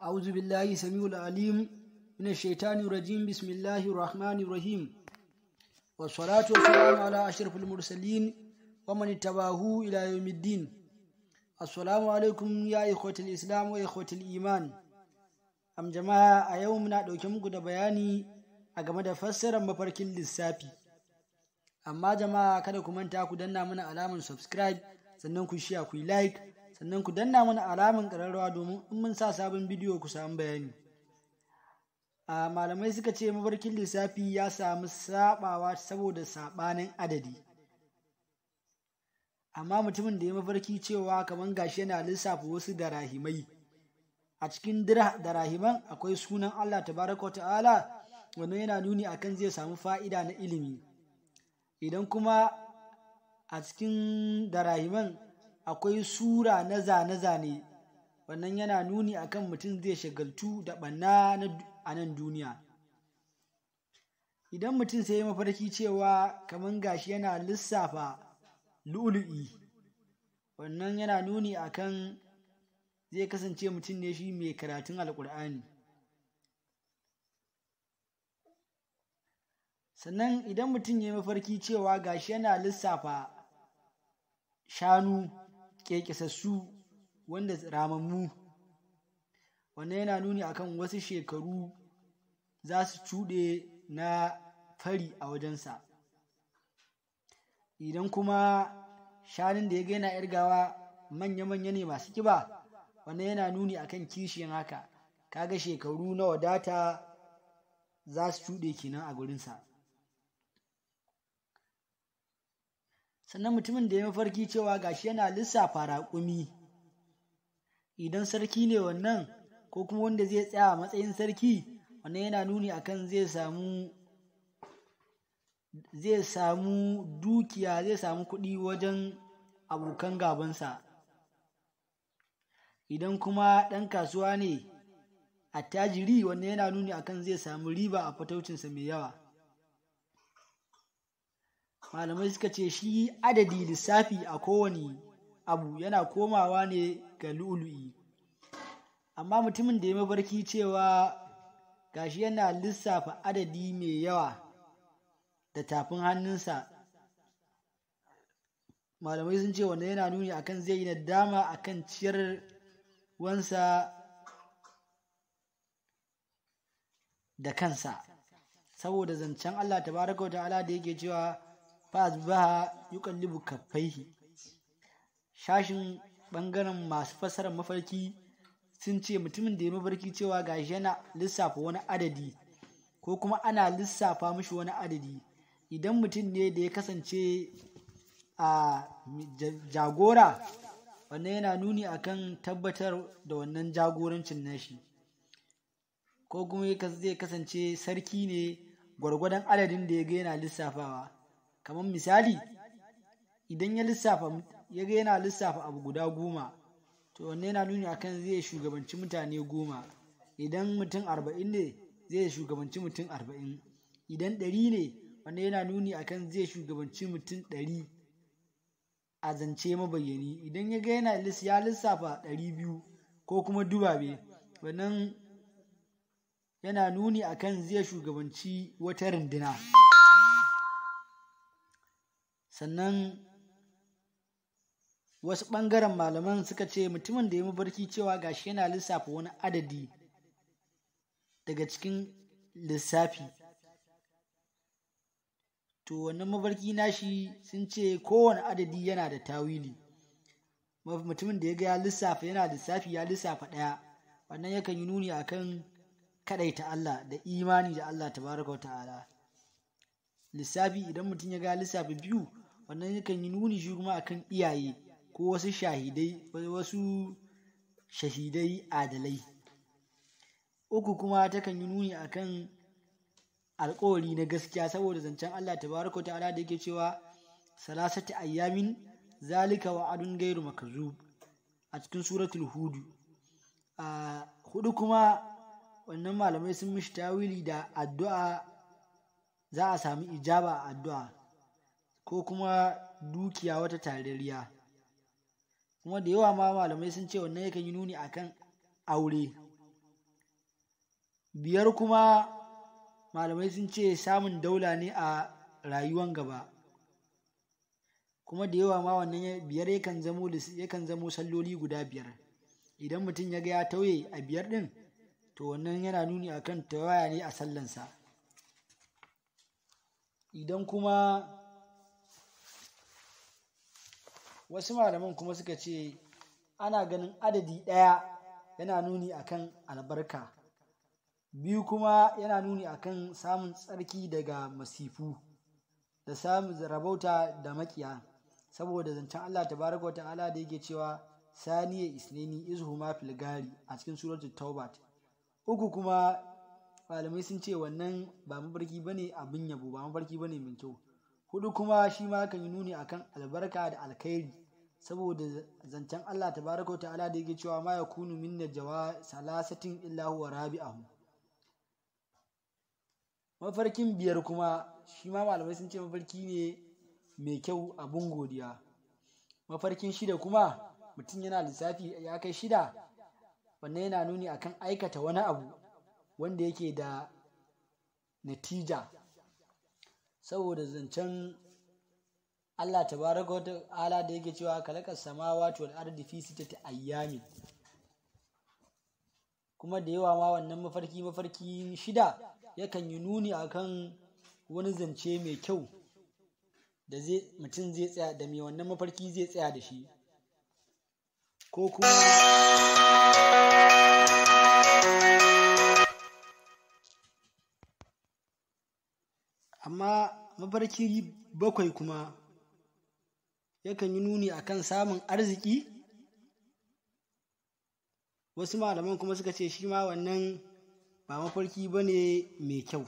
أعوذ بالله سميع العليم من الشيطان الرجيم بسم الله الرحمن الرحيم والصلاة والسلام على أشرف المرسلين ومن اتبعه إلى يوم الدين السلام عليكم يا إخوة الإسلام وإخوة الإيمان أم جماعة أيومنا دوكم قد بياني أجمد فسر مفرك للسابي amma jama'a kada ku manta ku danna mana alamar subscribe sannan ku shiya ku yi like sannan ku danna mana alamin ƙararrawa domin in mun sa sabon bidiyo ku samu bayani a malamai suka ce mabarkin lissafi ya samu sabawa saboda saɓanin adadi amma mutumin da ya mafarki cewa kamar gashi yana lissafa wasu darahimai a cikin rahiman akwai sunan allah tabaraka wa ta'ala wannan yana nuni akan zai samu fa'ida na ilimi idan kuma a cikin da rahiman akwai sura na zane-zane wannan yana nuni akan mutum zai shagaltu da ɓanna a nan duniya idan mutum sai mafarki cewa kamar gashi yana lissafa lu'ulu'i wannan yana nuni akan zai kasance mutum ne shi mai karatun alkur'ani sannan idan mutum ya mafarki cewa gashi yana lissafa shanu su wanda ramammu wannan yana nuni akan wasu shekaru za su cuɗe na fari a wajensa idan kuma shanun da ya gaina yana irgawa manya-manya ne masu kiba wannan yana nuni akan kishiyan haka kaga shekaru na wadata za su cuɗe kenan a gurinsa sannan mutumin da ya mafarki cewa gashi yana lissafa raƙumi idan sarki ne wannan ko kuma wanda zai tsaya a matsayin sarki wannan yana nuni akan zai samu zai samu dukiya zai samu kuɗi wajen abokan gabansa idan kuma ɗan kasuwa ne attajiri wannan yana nuni akan zai samu riba a fataucinsa mai yawa malamai suka ce shi adadi lissafi a kowane abu yana komawa ne ga lu'ulu'i amma mutumin da ya mafarki cewa gashi yana lissafa adadi mai yawa da tafin hannunsa malamai sun ce wanda yana nuni akan zai yi nadama akan ciyar wansa da kansa saboda zancen Allah tabaraka wa ta'ala da yake cewa fa baha yuqallibu kaffaihi shashin bangaren masu fasarar mafarki sun ce mutumin da ya mafarki cewa gashi yana lissafa wani adadi ko kuma ana lissafa mashi wani adadi idan mutum ne da ya kasance a jagora wannan yana nuni akan tabbatar da wannan jagorancin nashi ko kuma zai kasance sarki ne gwargwadon adadin da ya ga yana lissafawa kamar misali idan ya lissafa ya ga yana lissafa abu guda goma to wanne yana nuni akan zai shugabanci mutane goma idan mutum arba'in ne zai shugabanci mutum arba'in idan ɗari ne wanne yana nuni akan zai shugabanci mutum ɗari a zance mabayyani idan ya ga yana ya lissafa ɗari biyu ko kuma dubabe wannan yana nuni akan zai shugabanci wata runduna. sannan wasu ɓangaren malaman suka ce mutumin da ya barki cewa gashi yana lissafa wani adadi daga cikin lissafi to wannan mabarki nashi sun ce kowane adadi yana da tawili mutumin da ya ga ya lissafa yana lissafi ya lissafa ɗaya wannan yakan yi nuni akan kaɗaita Allah da imani da Allah tabaraka wa ta'ala lissafi idan mutum ya ga lissafi biyu wannan yakan yi nuni shi kuma akan iyaye ko wasu shahidai wasu shahidai adalai uku kuma takan yi nuni akan alkawari na gaskiya saboda zancen Allah ta tabaraka ta'ala da yake cewa salasati ayyamin zalika wa'adun gairu makazub a cikin suratul hudu a hudu kuma wannan malamai sun mishi tawili da addu'a za a sami ijaba a addu'a ko kuma dukiya wata tarariya kuma da yawa ma malamai sun ce wannan yakan yi nuni akan aure biyar kuma malamai sun ce samun daula ne a rayuwan gaba kuma da yawa ma wannan biyar yakan zamo yakan zamo salloli guda biyar idan mutum ya ga ya tauye a biyar ɗin, to wannan yana nuni akan tawaya ne a sallansa idan kuma wasu malaman kuma suka ce ana ganin adadi ɗaya yana nuni akan albarka biyu kuma yana nuni akan samun tsarki daga masifu da samun rabauta da makiya saboda zancen Allah baraka wa ta'ala da yake cewa saniye isneni izhuma fil gari a cikin suratu taubat uku kuma malamai sun ce wannan ba mafarki bane abin yabo ba mafarki bane mai kyau hudu kuma shi ma kan yi nuni akan albarka da alkhairi saboda zancen Allah ta tabaraka ta'ala da yake cewa ma ya kunu minna jawa salasatin illa huwa rabi'ahu mafarkin biyar kuma shi ma malamai sun ce mafarki ne mai kyau abun godiya mafarkin shida kuma mutum yana lissafi ya kai shida wannan yana nuni akan aikata wani abu wanda yake da natija saboda zancen Allah ta tabaraka wata ala da yake cewa kalakar samawati wal ardi fi ta ayyami. kuma da yawa ma wannan mafarki mafarki shida yakan yi nuni akan wani zance mai kyau da zai mutum zai tsaya da mai wannan mafarki zai tsaya da shi ko kuma amma mafarki bakwai kuma yakan yi nuni akan samun arziki wasu malaman kuma suka ce shi ma wannan ba mafarki ba ne mai kyau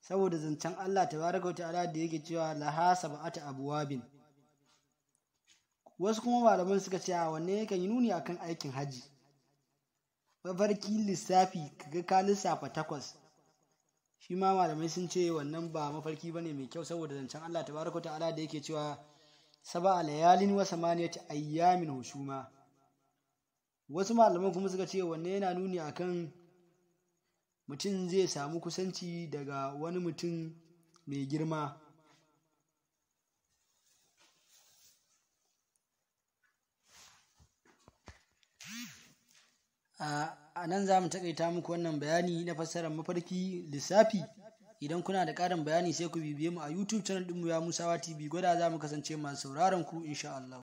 saboda zancen Allah baraka wata ala da yake cewa laha sab'ata abwabin wasu kuma malaman suka ce a wannan yakan yi nuni akan aikin haji mafarki lissafi kaga ka lissafa takwas shi ma malamai sun ce wannan ba mafarki bane mai kyau saboda zancen Allah baraka wata ala da yake cewa سبع layalin wa samaniyati ayyamin wasu malaman kuma suka ce wanne yana nuni akan mutum zai samu kusanci daga wani mutum mai girma a nan za mu taƙaita muku wannan bayani na fassarar mafarki lissafi idan kuna da ƙarin bayani sai ku bibiye mu a youtube channel ɗinmu ya musawa tv gwada za mu kasance masu sauraron ku insha Allah